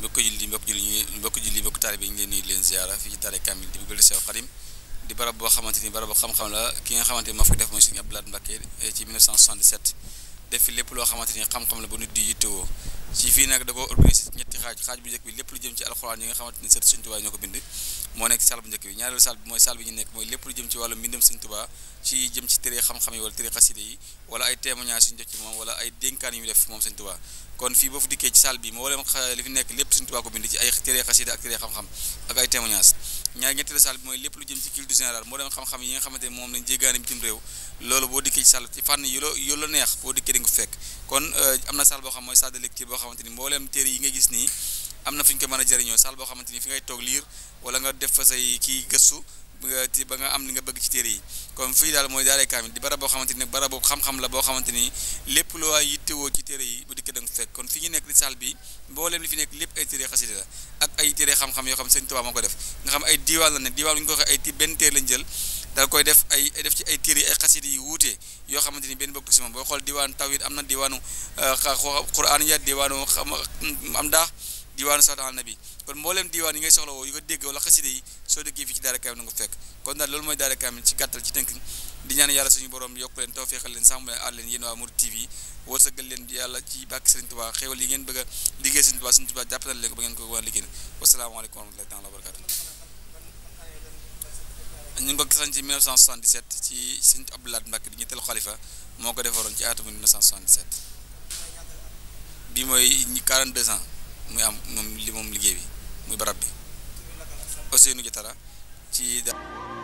mbokk julli mbokk julli mbokk julli mbokk taalibe yi ñu leen nuyu leen ziara fii ci daara Kamil di bëggal Cheikh Khadim di barab boo xamante barab boo xam-xam la ki nga xamante ni moo fi def mooy Sëriñ Abdou Lahad Mbacké eh, ci 1977 def fi lépp loo xamante xam-xam la bu nit di yittewoo ci fii nag da ko organisé xaaj xaaj bu njëkk bi lépp lu jëm ci alxuraan yi nga xamante ni sët Sëñ Tuubaa ñoo ko bind moo nekk saal bu njëkk bi ñaareelu saal bi mooy saal bi ñu nekk mooy lépp lu jëm ci wàllu mbindam Sëñ Tuubaa ci jëm ci téré xam-xam yi wala téré xaside yi wala ay témoignage suñu jot ci moom wala ay dénkaan yu mu def moom Sëñ Tuubaa kon fii boo fu dikkee ci saal bi moo leen li fi nekk lépp Sëñ Tuubaa ko bind ci ay téré xaside ak téré xam ñaari ñetteelu saal bi mooy lépp lu jëm ci culture générale moo dem xam-xam yi nga xamante ne moom lañ jéggaani bitim réew loolu boo dikkee ci saal ci fànn yu la neex boo dikkee di nga fekk kon euh, am na saal boo xam mooy salle de lecture boo xamante ni mbooleem téere yi nga gis nii am na fu ñu ko mën a jëriñoo saal boo xamante ni fi ngay toog liir wala nga def fa say kii gëstu ci ba nga am li nga bëgg ci téere yi kon fii daal mooy daaray kaamil di barab boo xamante ni nag barab boobu xam-xam la boo xamante ni lépp loo yittewoo ci téere yi bu dikkee da fekk kon fi ñu nekk di salle bi mbooleem li fi nekk lépp ay téere xasida la ak ay téere xam-xam yoo xam Sëñ Tuubaa moo ko def nga xam ay diiwaan la ne diiwaan lu ñu ko waxee ay ti benn téere lañ jël daal koy def ay def ci ay téere yi ay xasida yi wuute yoo xamante ni benn bokk si moom boo xool diiwaanu tawhid am na diiwaanu euh, quraan ya diiwaanu am daa diwaanu salaatu ala nabi kon mbooleem diwaan yi ngay soxla woo yu ko dégg wala xaside yi soo déggee fii ci daara kaamil nga ko fekk kon daal loolu mooy daara kaamil ci gàttal ci tënk di ñaan yàlla suñu borom yokk ci bàkk Serigne Touba xéewal yi ngeen bëgg a liggéey Serigne Touba Serigne Touba jàppal leen ko ba ngeen ci 1977 ci Serigne Abdou Lahad Mbacké di ñetteelu moo ko defaroon ci atum 1977 bi mooy muy am moom li liggéey bi muy barab bi Ousseynou Diatara ci